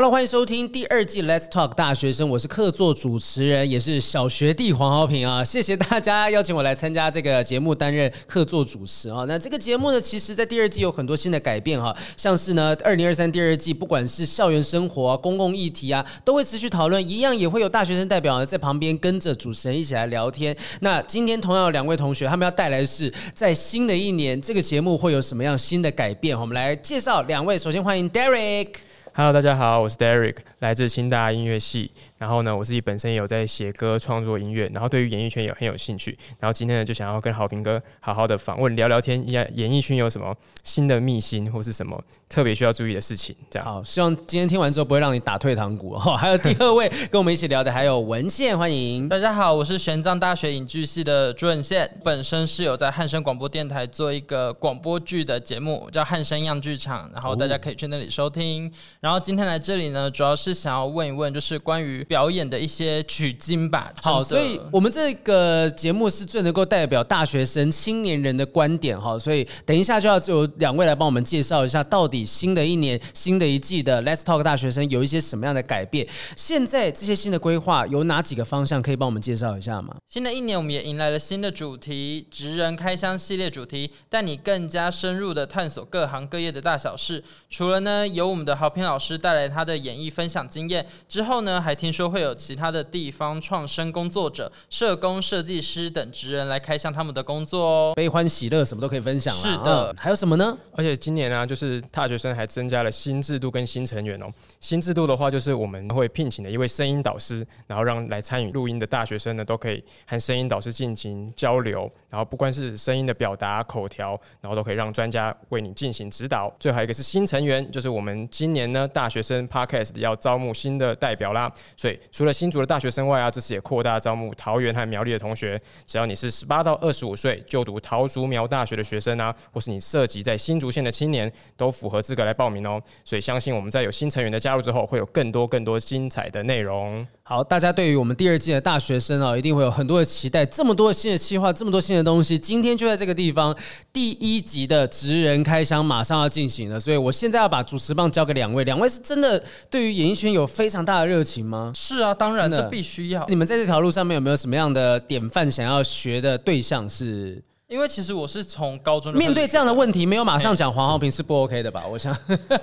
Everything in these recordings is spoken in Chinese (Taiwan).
Hello，歡迎收聽第二季《Let's Talk 大學聲》，我是客座主持人，也是小學弟黃豪平啊。謝謝大家邀請我來參加這個節目，擔任客座主持啊。那這個節目呢，其實在第二季有很多新的改變哈、啊，像是呢，二零二三第二季，不管是校園生活、啊、公共議題啊，都會持續討論，一樣也會有大學生代表在旁邊跟着主持人一起來聊天。那今天同樣有兩位同學，他們要帶來的是在新的一年，這個節目會有什麼樣新的改變？啊、我們來介紹兩位，首先歡迎 Derrick。Hello，大家好，我是 Derrick，來自清大音樂系。然後呢，我自己本身也有在寫歌、創作音樂，然後對於演藝圈也很有興趣。然後今天呢，就想要跟豪平哥好好的訪問、聊聊天，演演藝圈有什麼新的秘辛，或是什麼特別需要注意的事情。這樣，好，希望今天聽完之後不會讓你打退堂鼓。哈、哦，還有第二位跟我們一起聊的還有玟憲。 歡迎大家好，我是玄奘大學影劇系的朱玟憲，本身是有在漢聲廣播電台做一個廣播劇的節目，叫漢聲樣劇場，然後大家可以去那裡收聽。哦、然後今天來這裡呢，主要是想要問一問，就是關於。表演的一些取經吧。好的，所以我們這個節目是最能夠代表大學生、青年人的觀點哈。所以等一下就要由兩位來幫我們介紹一下，到底新的一年、新的一季的《Let's Talk 大學聲》有一些什麼樣的改變？現在這些新的規劃有哪幾個方向可以幫我們介紹一下嗎？新的一年我們也迎來了新的主題——職人開箱系列主題，帶你更加深入地探索各行各業的大小事。除了呢，由我們的豪平老師帶來他的演藝分享經驗之後呢，還聽。就會有其他的地方創生工作者、社工、設計師等職人來開箱他們的工作哦，悲歡喜樂什麼都可以分享。是的，還有什麼呢？而且今年呢、啊，就是大學聲還增加了新制度跟新成員哦。新制度的話，就是我們會聘請的一位聲音導師，然後讓來參與錄音的大學生呢，都可以和聲音導師進行交流，然後不管是聲音的表達、口條，然後都可以讓專家為你進行指導。最後一個是新成員，就是我們今年呢，大學聲 Podcast 要招募新的代表啦，對，除了新竹的大學生外啊，這次也擴大招募桃園和苗栗的同學。只要你是十八到二十五歲就讀桃竹苗大學的學生啊，或是你設籍在新竹縣的青年，都符合資格來報名哦。所以相信我們在有新成員的加入之後，會有更多更多精彩的內容。好，大家對於我們第二季的大學生啊、哦，一定會有很多的期待。這麼多新的企劃，這麼多新的東西，今天就在這個地方，第一集的職人開箱馬上要進行了，所以我現在要把主持棒交給兩位。兩位是真的對於演藝圈有非常大的熱情嗎？是啊，當然了，這必須要。你們在這條路上面有沒有什麼樣的典範想要學的對象是？因為其實我是從高中面對這樣的問題，沒有馬上講黃豪平、嗯、是不 OK 的吧？我想、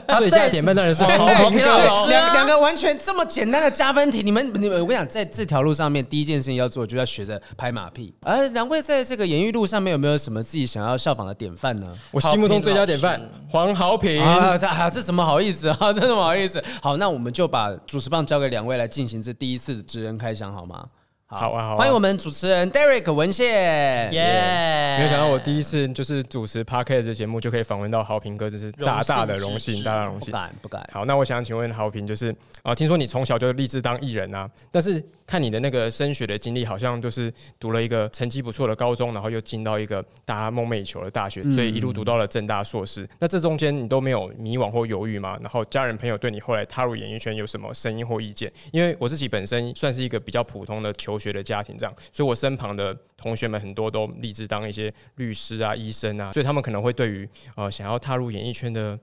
啊、最佳的典範當然是、啊、黃豪平、啊對。兩兩個,個完全這麼簡單的加分題，你們你們，我跟你講在這條路上面，第一件事情要做，就要學着拍馬屁。而兩位在這個演藝路上面有沒有什麼自己想要效仿的典範呢？我心目中最佳典範黃豪平,黃豪平啊,啊,啊！這這怎麼好意思啊？這怎麼好意思。好，那我們就把主持棒交給兩位來進行這第一次的職人開箱，好嗎？好啊，好啊！好啊、歡迎我們主持人 Derrick 玟憲、耶 Yeah！Yeah 沒有想到我第一次就是主持 podcast 的節目，就可以訪問到豪平哥，這是大大的榮幸，之之大大榮幸，不敢，不敢。好，那我想請問豪平，就是啊，聽說你從小就立志當藝人啊，但是。看你的那個升學的經歷，好像就是讀了一個成績不錯的高中，然後又進到一個大家夢寐以求的大學，所以一路讀到了政大碩士。嗯。那這中間你都沒有迷惘或猶豫嗎？然後家人朋友對你後來踏入演藝圈有什麼聲音或意見？因為我自己本身算是一個比較普通的求學的家庭，這樣，所以我身旁的同學們很多都立志當一些律師啊、醫生啊，所以他們可能會對於呃想要踏入演藝圈的。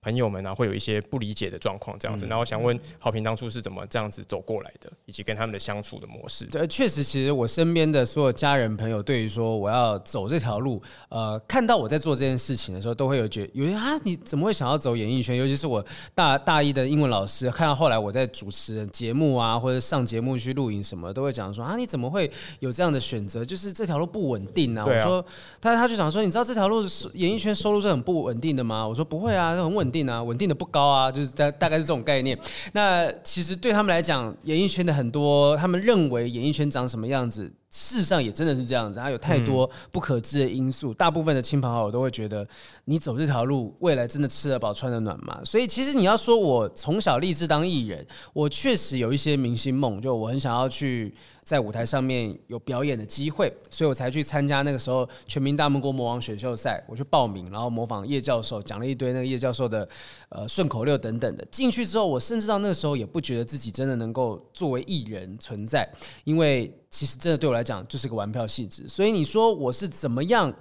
朋友們啊，會有一些不理解的狀況這樣子，那我想問，豪平當初是怎麼這樣子走過來的，以及跟他們的相處的模式？呃，確實，其實我身邊的所有家人朋友，對於說我要走這條路，呃，看到我在做這件事情的時候，都會有覺得，有些啊，你怎麼會想要走演藝圈？尤其是我大大一的英文老師，看到後來我在主持節目啊，或者上節目去錄影什麼，都會講說啊，你怎麼會有這樣的選擇？就是這條路不穩定啊。啊我說，他他就想說，你知道這條路是演藝圈收入是很不穩定的嗎？我說不會啊，很穩，穩定啊，穩定的不高啊，就是大大概是這種概念。那其實對他們來講，演藝圈的很多，他們認為演藝圈長什麼樣子。事實上也真的是這樣子，它有太多不可知的因素。嗯、大部分的親朋好友都會覺得，你走這條路，未來真的吃得飽、穿得暖嗎？所以，其實你要說，我從小立志當藝人，我確實有一些明星夢，就我很想要去在舞台上面有表演的機會，所以我才去參加那個時候全民大悶鍋魔王選秀賽，我去報名，然後模仿葉教授講了一堆那個葉教授的呃順口溜等等的。進去之後，我甚至到那個時候也不覺得自己真的能夠作為藝人存在，因為。其實真的對我來講就是個玩票性質，所以你說我是怎麼樣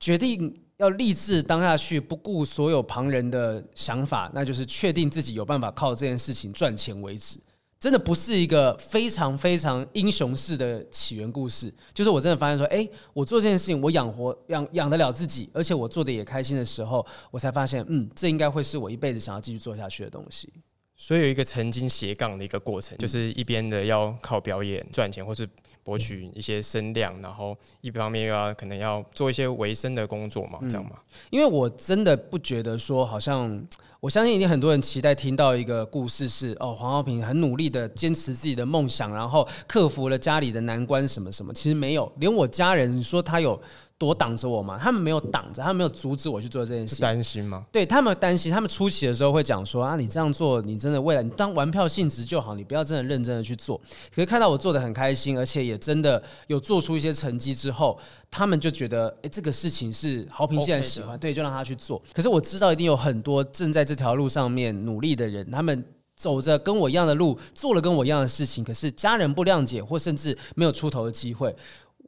決定要立志當下去，不顧所有旁人的想法，那就是確定自己有辦法靠這件事情賺錢為止。真的不是一個非常非常英雄式的起源故事，就是我真的發現說，誒，我做這件事情，我養活養養得了自己，而且我做的也開心的時候，我才發現，嗯，這應該會是我一輩子想要繼續做下去的東西。所以有一個曾經斜槓的一個過程，嗯、就是一邊的要靠表演賺錢，或是博取一些聲量，嗯、然後一方面又要可能要做一些維生的工作嘛，嗯、這樣嘛。因為我真的不覺得說，好像我相信一定很多人期待聽到一個故事是，哦，黃豪平很努力的堅持自己的夢想，然後克服了家裡的難關，什麼什麼，其實沒有，連我家人說他有。多擋着我嗎？他們沒有擋着，他們沒有阻止我去做這件事。是擔心嗎？對，他們擔心，他們初期的時候會講說：“啊，你這樣做，你真的未來，你當玩票性質就好，你不要真的認真的去做。”可是看到我做得很開心，而且也真的有做出一些成績之後，他們就覺得：“哎、欸，這個事情是豪平既然喜歡，Okay 對，就讓他去做。”可是我知道，一定有很多正在這條路上面努力的人，他們走着跟我一樣的路，做了跟我一樣的事情，可是家人不諒解，或甚至沒有出頭的機會。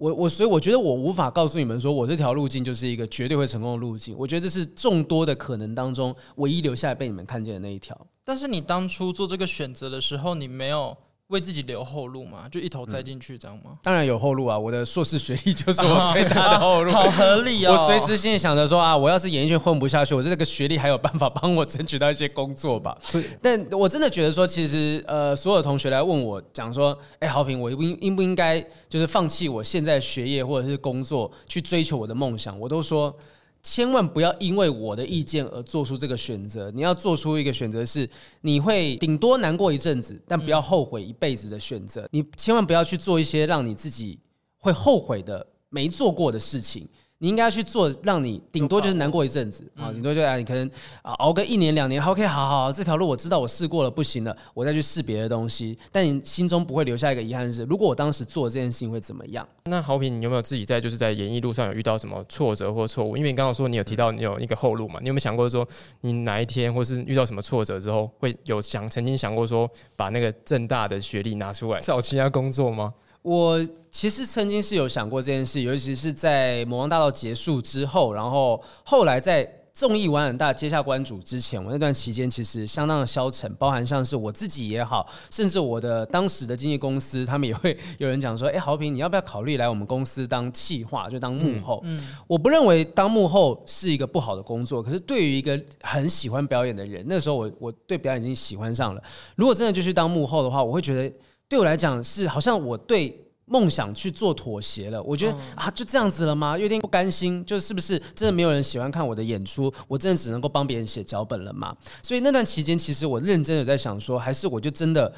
我我所以我覺得我無法告訴你們說，我這條路徑就是一個絕對會成功的路徑。我覺得這是眾多的可能當中唯一留下來被你們看見的那一條。但是你當初做這個選擇的時候，你沒有。為自己留後路嘛，就一頭栽進去，這樣嗎？嗯？當然有後路啊，我的碩士學歷就是我最大的後路，啊、好合理啊、哦！我隨時心裡想着說啊，我要是演藝圈混不下去，我這個學歷還有辦法幫我爭取到一些工作吧。是但我真的覺得說，其實呃，所有同學來問我講說，哎、欸，豪平，我應應不應該就是放棄我現在學業或者是工作，去追求我的夢想？我都說。千萬不要因為我的意見而做出這個選擇。你要做出一個選擇是，你會頂多難過一陣子，但不要後悔一輩子的選擇。你千萬不要去做一些讓你自己會後悔的沒做過的事情。你應該去做，讓你頂多就是難過一陣子啊，頂、嗯、多就讓你可能啊熬個一年兩年，OK，好好,好,好,好這條路我知道，我試過了不行了，我再去試別的東西。但你心中不會留下一個遺憾的是，如果我當時做這件事情會怎麼樣？那豪平，你有沒有自己在就是在演藝路上有遇到什麼挫折或錯誤？因為你剛剛說你有提到你有一個後路嘛，你有沒有想過說你哪一天或是遇到什麼挫折之後，會有想曾經想過說把那個政大的學歷拿出來找其他工作嗎？我其實曾經是有想過這件事，尤其是在《魔王大道》結束之後，然後後來在《綜藝玩很大》接下關主之前，我那段期間其實相當的消沉，包含像是我自己也好，甚至我的當時的經紀公司，他們也會有人講說：“哎、欸，豪平，你要不要考慮來我們公司當企劃，就當幕後？”嗯，嗯我不認為當幕後是一個不好的工作，可是對於一個很喜歡表演的人，那時候我我對表演已經喜歡上了。如果真的就去當幕後的話，我會覺得。對我來講是好像我對夢想去做妥協了，我覺得、嗯、啊就這樣子了嗎？有點不甘心，就是不是真的沒有人喜歡看我的演出？我真的只能夠幫別人寫腳本了嗎？所以那段期間，其實我認真的在想說，還是我就真的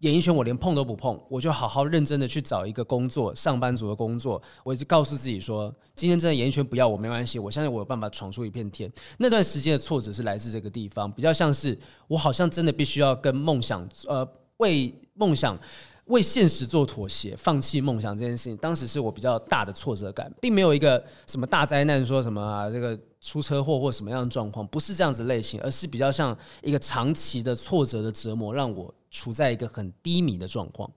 演藝圈我連碰都不碰，我就好好認真的去找一個工作，上班族的工作。我一直告訴自己說，今天真的演藝圈不要我，沒關係，我相信我有辦法闖出一片天。那段時間的挫折是來自這個地方，比較像是我好像真的必須要跟夢想呃。為夢想、為現實做妥協、放棄夢想這件事情，當時是我比較大的挫折感，並沒有一個什麼大災難，說什麼啊，這個出車禍或什麼樣的狀況，不是這樣子的類型，而是比較像一個長期的挫折的折磨，讓我處在一個很低迷的狀況。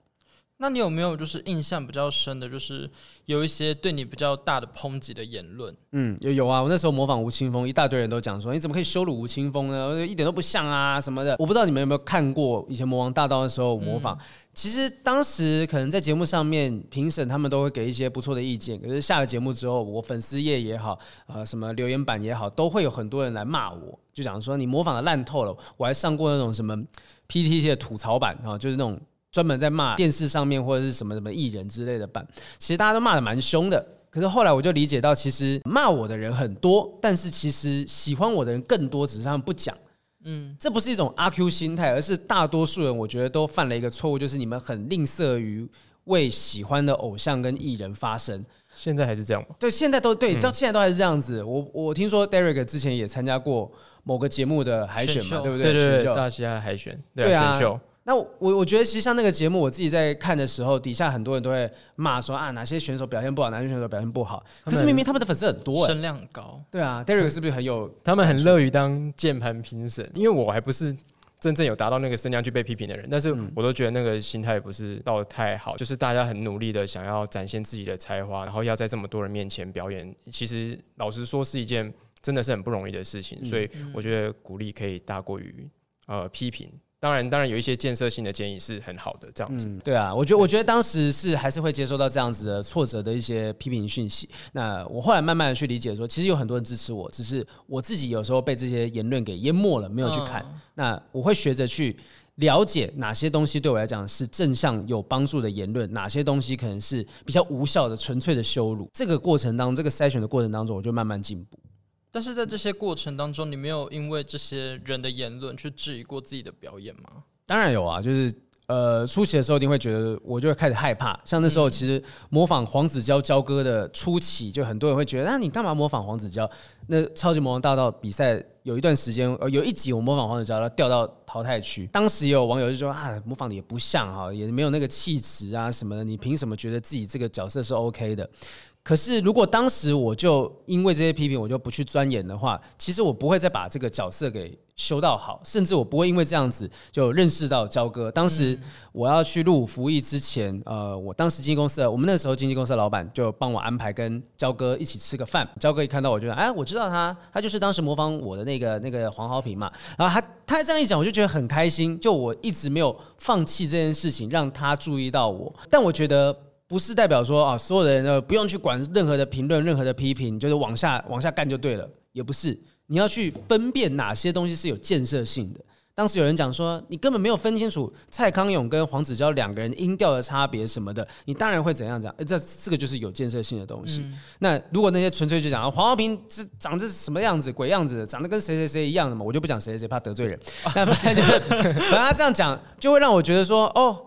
那你有沒有就是印象比較深的，就是有一些對你比較大的抨擊的言論？嗯，有有啊，我那時候模仿吳青峰，一大堆人都講說你怎麼可以羞辱吳青峰呢？一點都不像啊什麼的。我不知道你們有沒有看過以前《模王大道》的時候模仿，嗯、其實當時可能在節目上面評審他們都會給一些不錯的意見，可是下了節目之後，我粉絲頁也好，呃，什麼留言板也好，都會有很多人來罵我，就講說你模仿的爛透了。我還上過那種什麼 PTT 的吐槽版啊，就是那種。專門在罵電視上面或者是什麼什麼藝人之類的版，其實大家都罵得蠻兇的。可是後來我就理解到，其實罵我的人很多，但是其實喜歡我的人更多，只是他們不講。嗯，這不是一種阿 Q 心態，而是大多數人我覺得都犯了一個錯誤，就是你們很吝嗇於為喜歡的偶像跟藝人發聲。現在還是這樣嗎？對，現在都對，到現在都還是這樣子。我我聽說 Derrick 之前也參加過某個節目的海選嘛，對不對選秀？對對對，大西洋海選，對啊，那我我覺得，其實像那個節目，我自己在看的時候，底下很多人都會罵說啊，哪些選手表現不好，哪些選手表現不好。可是明明他們的粉絲很多、欸，聲量很高。對啊，Derrick 是不是很有？他們很樂於當鍵盤評審，因為我還不是真正有達到那個聲量去被批評的人，但是我都覺得那個心態不是到得太好，嗯、就是大家很努力的想要展現自己的才華，然後要在這麼多人面前表演，其實老實說是一件真的是很不容易的事情。所以我覺得鼓勵可以大過於呃批評。當然，當然有一些建設性的建議是很好的，這樣子、嗯。對啊，我覺得，我覺得當時是還是會接收到這樣子的挫折的一些批評訊息。那我後來慢慢的去理解說，其實有很多人支持我，只是我自己有時候被這些言論給淹沒了，沒有去看。嗯、那我會學着去了解哪些東西對我來講是正向有幫助的言論，哪些東西可能是比較無效的、純粹的羞辱。這個過程當中，這個篩選的過程當中，我就慢慢進步。但是在這些過程當中，你沒有因為這些人的言論去質疑過自己的表演嗎？當然有啊，就是呃，初期的時候一定會覺得，我就會開始害怕。像那時候，其實模仿黃子佼佼哥的初期，就很多人會覺得，那、嗯啊、你幹嘛模仿黃子佼？那超級模王大道比賽有一段時間，呃，有一集我模仿黃子佼，他掉到淘汰區，當時也有網友就說啊，模仿的也不像哈，也沒有那個氣質啊什麼的。你憑什麼覺得自己這個角色是 OK 的？可是，如果當時我就因為這些批評，我就不去鑽研的話，其實我不會再把這個角色給修到好，甚至我不會因為這樣子就認識到焦哥。當時我要去入伍服役之前，呃，我當時經紀公司的，我們那時候經紀公司的老闆就幫我安排跟焦哥一起吃個飯。焦哥一看到我就說：“哎，我知道他，他就是當時模仿我的那個那個黃豪平嘛。”然後他他這樣一講，我就覺得很開心。就我一直沒有放棄這件事情，讓他注意到我。但我覺得。不是代表說啊，所有的人呃，不用去管任何的評論，任何的批評，就是往下往下幹就對了。也不是，你要去分辨哪些東西是有建設性的。當時有人講說，你根本沒有分清楚蔡康永跟黃子佼兩個人音調的差別什麼的，你當然會怎樣講、欸？這這個就是有建設性的東西。嗯、那如果那些純粹就講啊，黃豪平這長得什麼樣子，鬼樣子的，長得跟誰誰誰一樣的嘛，我就不講誰誰誰怕得罪人。 反正就反正他這樣講，就會讓我覺得說哦。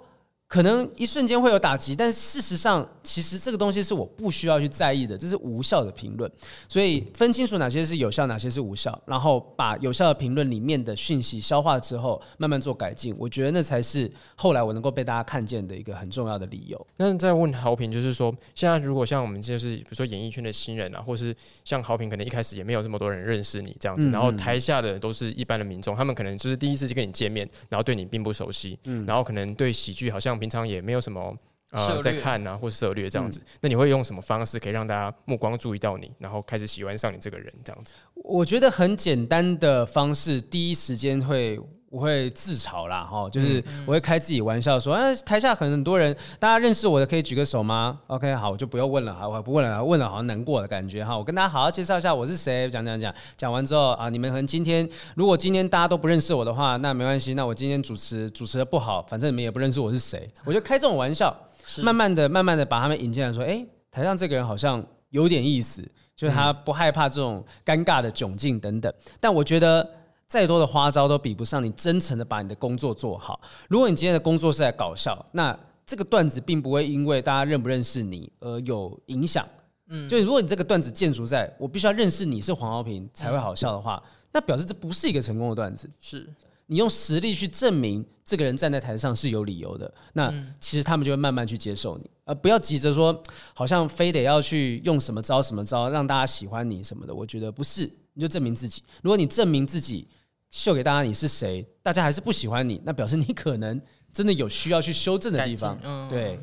可能一瞬間會有打擊，但事實上，其實這個東西是我不需要去在意的，這是無效的評論。所以分清楚哪些是有效，哪些是無效，然後把有效的評論裡面的訊息消化之後，慢慢做改進，我覺得那才是後來我能夠被大家看見的一個很重要的理由。那再問豪平，就是說，現在如果像我們就是比如說演藝圈的新人啊，或是像豪平，可能一開始也沒有這麼多人認識你這樣子，嗯嗯，然後台下的都是一般的民眾，他們可能就是第一次就跟你見面，然後對你並不熟悉，嗯，然後可能對喜劇好像。平常也沒有什麼、呃、涉獵啊，在看啊，或涉獵這樣子，嗯、那你會用什麼方式可以讓大家目光注意到你，然後開始喜歡上你這個人這樣子？我覺得很簡單的方式，第一時間會。我會自嘲啦，哈，就是我會開自己玩笑說，說、呃、哎，台下很多人，大家認識我的可以舉個手嗎？OK，好，我就不要問了，好，我不問了，問了好像難過的感覺，哈，我跟大家好好介紹一下我是誰，講講講，講完之後啊，你們可能今天如果今天大家都不認識我的話，那沒關係，那我今天主持主持的不好，反正你們也不認識我是誰，我就開這種玩笑，是慢慢的、慢慢的把他們引進來說，哎，台上這個人好像有點意思，就是他不害怕這種尷尬的窘境等等，但我覺得。再多的花招都比不上你真誠的把你的工作做好。如果你今天的工作是在搞笑，那這個段子並不會因為大家認不認識你，而有影響。嗯，就如果你這個段子建築在我必須要認識你是黃豪平才會好笑的話，那表示這不是一個成功的段子。是，你用實力去證明這個人站在台上是有理由的。那其實他們就會慢慢去接受你，而不要急着說，好像非得要去用什麼招什麼招讓大家喜歡你什麼的。我覺得不是，你就證明自己。如果你證明自己，秀給大家你是誰，大家還是不喜歡你，那表示你可能真的有需要去修正的地方。嗯、對，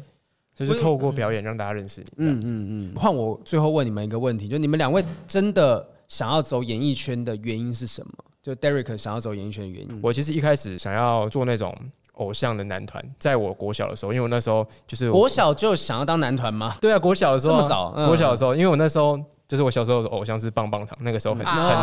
是就是透過表演讓大家認識你。嗯嗯嗯。換、嗯嗯嗯、我最後問你們一個問題，就你們兩位真的想要走演藝圈的原因是什麼？就 Derrick 想要走演藝圈的原因，嗯、我其實一開始想要做那種偶像的男團。在我國小的時候，因為我那時候就是國小就想要當男團嗎？對啊，國小的時候這麼早，嗯、國小的時候，因為我那時候。就是我小時候的偶、哦、像是棒棒糖，那個時候很很很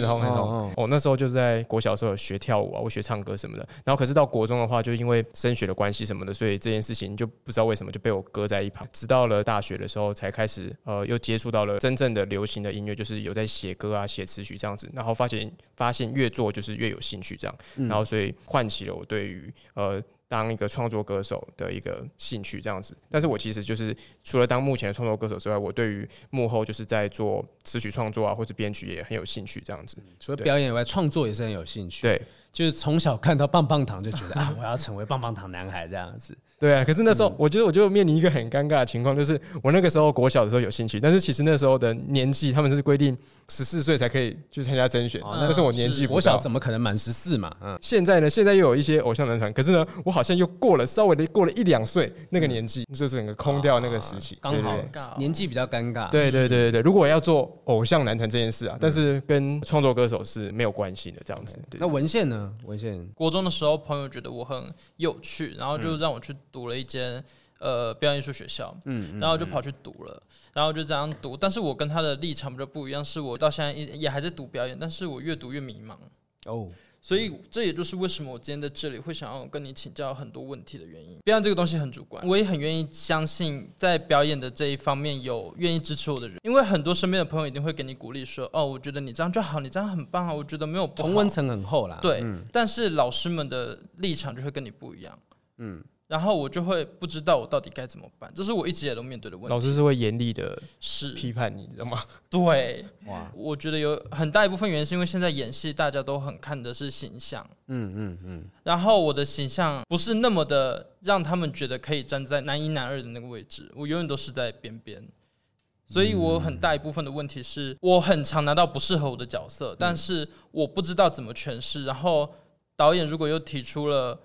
紅很紅。哦，那時候就是在國小時候有學跳舞啊，我學唱歌什麼的。然後可是到國中的話，就因為升學的關係什麼的，所以這件事情就不知道為什麼就被我擱在一旁。直到了大學的時候，才開始呃又接觸到了真正的流行的音樂，就是有在寫歌啊、寫詞曲這樣子。然後發現發現越做就是越有興趣這樣，然後所以喚起了我對於呃當一個創作歌手的一個興趣這樣子，但是我其實就是除了當目前的創作歌手之外，我對於幕後就是在做詞曲創作啊，或者編曲也很有興趣這樣子。嗯、除了表演以外，對。創作也是很有興趣。對。就是從小看到棒棒堂，就覺得啊，我要成為棒棒堂男孩這樣子。啊、 對啊，可是那時候我覺得我就面臨一個很尷尬的情況，就是我那個時候國小的時候有興趣，但是其實那時候的年紀，他們是規定十四歲才可以去參加甄選。啊、但是我年紀國小怎麼可能滿十四嘛？嗯，現在呢，現在又有一些偶像男團，可是呢，我好像又過了稍微的過了一兩歲那個年紀，就是整個空掉那個時期，剛、啊啊、好，年紀比較尷尬。對，對對對對對，如果要做偶像男團這件事啊，但是跟創作歌手是沒有關係的這樣子。對對對，那玟憲呢？玟憲，國中的時候，朋友覺得我很有趣，然後就讓我去讀了一間、嗯、呃表演藝術學校，嗯嗯嗯然後就跑去讀了，然後就這樣讀，但是我跟他的立場不就不一樣，是我到現在也也還在讀表演，但是我越讀越迷茫。哦。所以，這也就是為什麼我今天在這裡會想要跟你請教很多問題的原因。別讓這個東西很主觀，我也很願意相信，在表演的這一方面有願意支持我的人，因為很多身邊的朋友一定會給你鼓勵，說：“哦，我覺得你這樣就好，你這樣很棒啊！”我覺得沒有同溫層很厚啦。對。嗯、但是老師們的立場就會跟你不一樣，嗯。然後我就會不知道我到底該怎麼辦，這是我一直也都面對的問題。老師是會嚴厲的，是批判你，的嗎？對，哇，我覺得有很大一部分原因是因為現在演戲大家都很看的是形象，嗯嗯嗯。嗯嗯然後我的形象不是那麼的讓他們覺得可以站在男一男二的那個位置，我永遠都是在邊邊。所以我很大一部分的問題是我很常拿到不適合我的角色，嗯、但是我不知道怎麼詮釋。然後導演如果又提出了。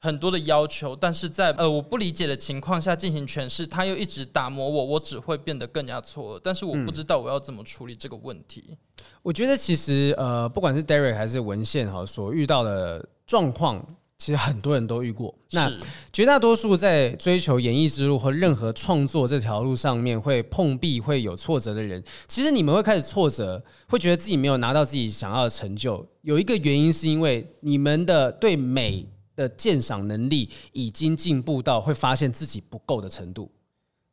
很多的要求，但是在呃我不理解的情況下進行詮釋，他又一直打磨我，我只會變得更加錯，但是我不知道我要怎麼處理這個問題。嗯、我覺得其實呃，不管是 Derrick 還是玟憲哈，所遇到的狀況，其實很多人都遇過。那是絕大多數在追求演藝之路和任何創作這條路上面會碰壁、會有挫折的人，其實你們會開始挫折，會覺得自己沒有拿到自己想要的成就。有一個原因是因為你們的對美。的鑑賞能力已經進步到會發現自己不夠的程度，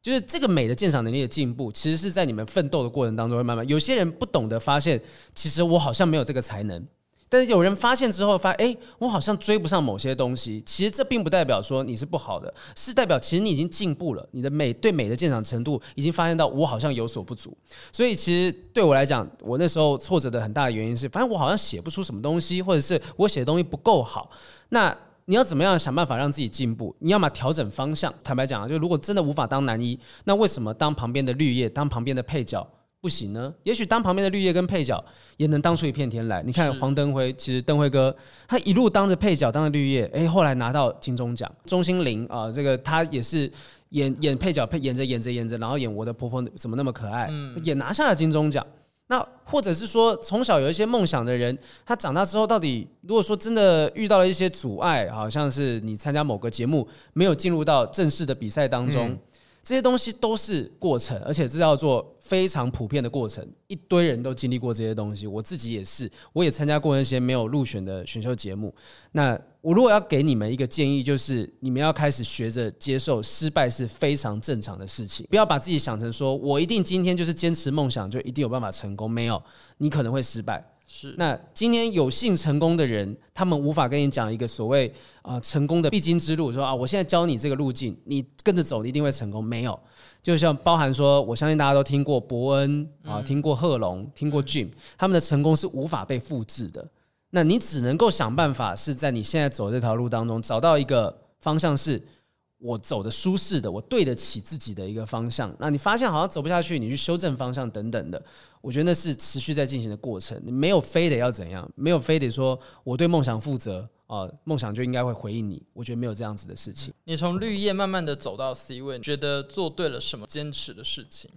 就是這個美的鑑賞能力的進步，其實是在你們奮鬥的過程當中會慢慢。有些人不懂得發現，其實我好像沒有這個才能。但是有人發現之後，發現，哎，我好像追不上某些東西。其實這並不代表說你是不好的，是代表其實你已經進步了。你的美對美的鑑賞程度已經發現到我好像有所不足。所以其實對我來講，我那時候挫折的很大的原因是，反正我好像寫不出什麼東西，或者是我寫的東西不夠好。那你要怎麼樣想辦法讓自己進步？你要麼調整方向。坦白講啊，就如果真的無法當男一，那為什麼當旁邊的綠葉、當旁邊的配角不行呢？也許當旁邊的綠葉跟配角也能當出一片天來。你看黃登輝，是其實登輝哥他一路當着配角、當着綠葉，誒、欸，後來拿到金鐘獎。鍾欣凌啊、呃，這個他也是演演配角，配演着演着演着，然後演《我的婆婆怎麼那麼可愛》嗯，也拿下了金鐘獎。那或者是說，從小有一些夢想的人，他長大之後，到底如果說真的遇到了一些阻礙，好像是你參加某個節目，沒有進入到正式的比賽當中。嗯這些東西都是過程，而且這叫做非常普遍的過程。一堆人都經歷過這些東西，我自己也是，我也參加過那些沒有入選的選秀節目。那我如果要給你們一個建議，就是你們要開始學着接受失敗是非常正常的事情，不要把自己想成說我一定今天就是堅持夢想就一定有辦法成功，沒有，你可能會失敗。是，那今天有幸成功的人，他們無法跟你講一個所謂啊，呃，成功的必經之路，說啊，我現在教你這個路徑，你跟着走，你一定會成功。沒有，就像包含說，我相信大家都聽過博恩啊，聽過賀龍，聽過 Jim，嗯，他們的成功是無法被複製的。那你只能夠想辦法，是在你現在走這條路當中，找到一個方向是。我走的舒適的，我對得起自己的一個方向。那你發現好像走不下去，你去修正方向等等的，我覺得那是持續在進行的過程。你沒有非得要怎樣，沒有非得說我對夢想負責啊、呃，夢想就應該會回應你。我覺得沒有這樣子的事情。你從綠葉慢慢的走到 C 位，你覺得做對了什麼堅持的事情？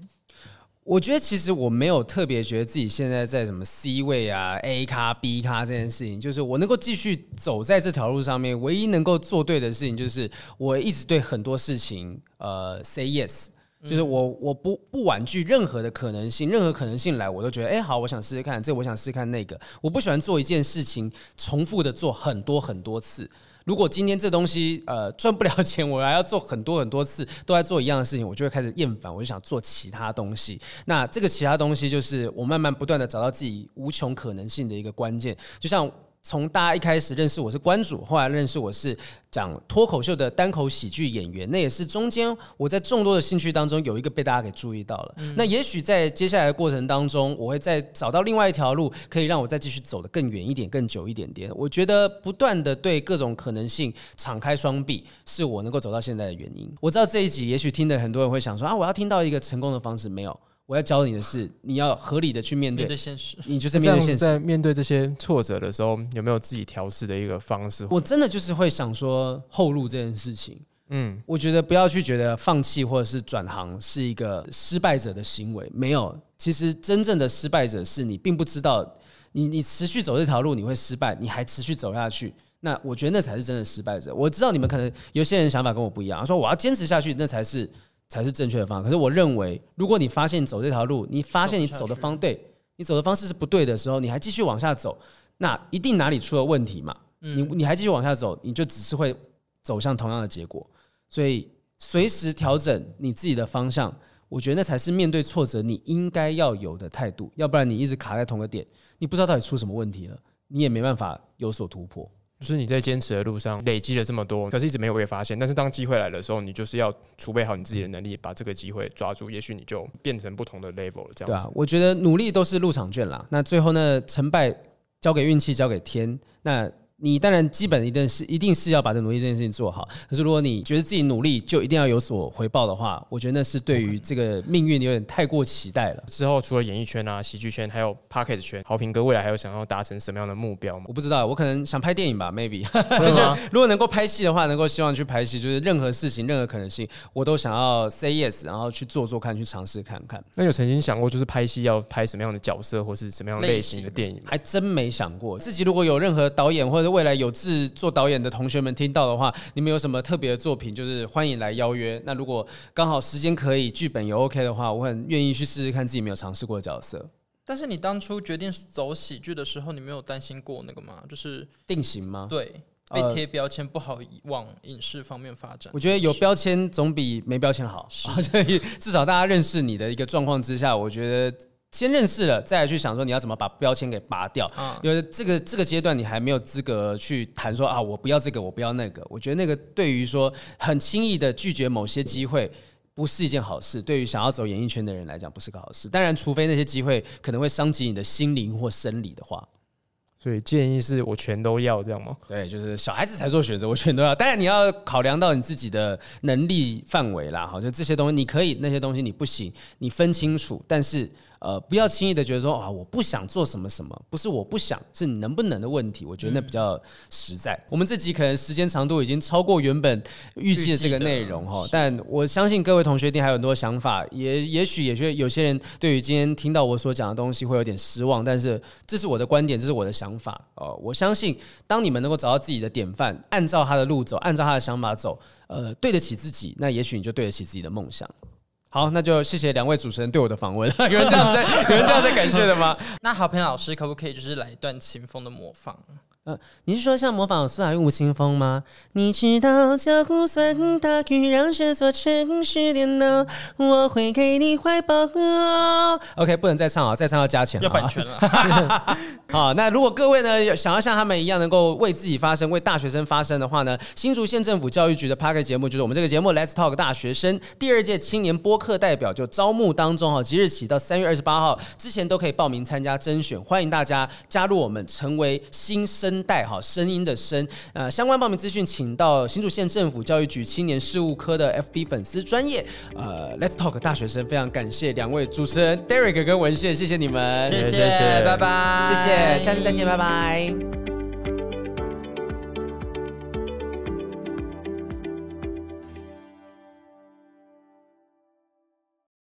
我覺得其實我沒有特別覺得自己現在在什麼 C 位啊 A 咖 B 咖這件事情，就是我能夠繼續走在這條路上面，唯一能夠做對的事情就是我一直對很多事情呃 say yes，就是我我不不婉拒任何的可能性，任何可能性來我，我都覺得哎、欸、好，我想試試看這，我想試試看那個，我不喜歡做一件事情重複的做很多很多次。如果今天這東西呃賺不了錢，我還要做很多很多次，都在做一樣的事情，我就會開始厭煩，我就想做其他東西。那這個其他東西就是我慢慢不斷的找到自己無窮可能性的一個關鍵，就像。從大家一開始認識我是關主，後來認識我是講脫口秀的單口喜劇演員，那也是中間我在眾多的興趣當中有一個被大家給注意到了。嗯、那也許在接下來的過程當中，我會再找到另外一條路，可以讓我再繼續走得更遠一點、更久一點點。我覺得不斷的對各種可能性敞開雙臂，是我能夠走到現在的原因。我知道這一集也許聽的很多人會想說啊，我要聽到一個成功的方式沒有？我要教你的是，你要合理的去面對，面對現實。你就是面對現實。在面對這些挫折的時候，有沒有自己調試的一個方式？我真的就是會想說後路這件事情。嗯，我覺得不要去覺得放棄或者是轉行是一個失敗者的行為。沒有，其實真正的失敗者是你並不知道，你你持續走這條路你會失敗，你還持續走下去，那我覺得那才是真的失敗者。我知道你們可能有些人想法跟我不一樣，說我要堅持下去，那才是。才是正確的方向。可是我認為，如果你發現走這條路，你發現你走的方對，你走的方式是不對的時候，你還繼續往下走，那一定哪裡出了問題嘛。嗯、你你還繼續往下走，你就只是會走向同樣的結果。所以隨時調整你自己的方向，我覺得那才是面對挫折你應該要有的態度。要不然你一直卡在同個點，你不知道到底出什麼問題了，你也沒辦法有所突破。就是你在堅持的路上累積了這麼多，可是一直沒有被發現。但是當機會來的時候，你就是要儲備好你自己的能力，把這個機會抓住，也許你就變成不同的 level 了。這樣子，對啊，我覺得努力都是入場券啦。那最後呢，成敗交給運氣，交給天。那。你當然基本一定是一定是要把這努力這件事情做好。可是如果你覺得自己努力就一定要有所回報的話，我覺得那是對於這個命運有點太過期待了。之後除了演藝圈啊、喜劇圈，還有 Podcast 圈，豪平哥未來還有想要達成什麼樣的目標嗎？我不知道，我可能想拍電影吧，maybe 嗎。 如果能夠拍戲的話，能夠希望去拍戲，就是任何事情、任何可能性，我都想要 say yes，然後去做做看，去嘗試看看。那你有曾經想過就是拍戲要拍什麼樣的角色，或是什麼樣類型的電影嗎的？還真沒想過。自己如果有任何導演或者未來有志做導演的同學們聽到的話，你們有什麼特別的作品？就是歡迎來邀約。那如果剛好時間可以，劇本也 OK 的話，我很願意去試試看自己沒有嘗試過的角色。但是你當初決定走喜劇的時候，你沒有擔心過那個嗎？就是定型嗎？對，被貼標籤不好往影視方面發展。呃。我覺得有標籤總比沒標籤好，是啊，所以至少大家認識你的一個狀況之下，我覺得。先認識了，再來去想說你要怎麼把標籤給拔掉。因為、嗯、這個這個階段你還沒有資格去談說啊，我不要這個，我不要那個。我覺得那個對於說很輕易的拒絕某些機會，不是一件好事。對於想要走演藝圈的人來講，不是個好事。當然，除非那些機會可能會傷及你的心靈或生理的話。所以建議是我全都要這樣嗎？對，就是小孩子才做選擇，我全都要。當然你要考量到你自己的能力範圍啦，哈，就這些東西你可以，那些東西你不行，你分清楚。但是。呃，不要輕易的覺得說啊，我不想做什麼什麼，不是我不想，是能不能的問題。我覺得那比較實在。嗯、我們自己可能時間長度已經超過原本預計的這個內容哈，但我相信各位同學一定還有很多想法，也也許也許有些人對於今天聽到我所講的東西會有點失望，但是這是我的觀點，這是我的想法。呃，我相信當你們能夠找到自己的典範，按照他的路走，按照他的想法走，呃，對得起自己，那也許你就對得起自己的夢想。好，那就謝謝兩位主持人對我的訪問。有 這樣在，有這樣在感謝的嗎？那豪平老師可不可以就是來一段秦風的模仿？呃，你是說像模仿蘇打綠、吳青峰嗎？ 你知道，就算大雨，讓這座城市顛倒。我會給你懷抱哦。 OK，不能再唱啊，再唱要加錢了，要版權了。 好，那如果各位呢，想要像他們一樣，能夠為自己發聲，為大學生發聲的話呢，新竹縣政府教育局的 Podcast 節目，就是我們這個節目《Let's Talk 大學聲》第二屆青年播客代表就招募當中哈，即日起到三月二十八號之前都可以報名參加甄選，歡迎大家加入我們，成為新生。帶好聲音的聲。呃，相關報名資訊，請到新竹縣政府教育局青年事務科的 FB 粉絲專頁。呃，Let's Talk 大學聲，非常感謝兩位主持人 Derrick 跟玟憲，謝謝你們，謝謝，謝謝，拜拜，謝謝，下次再見，拜拜。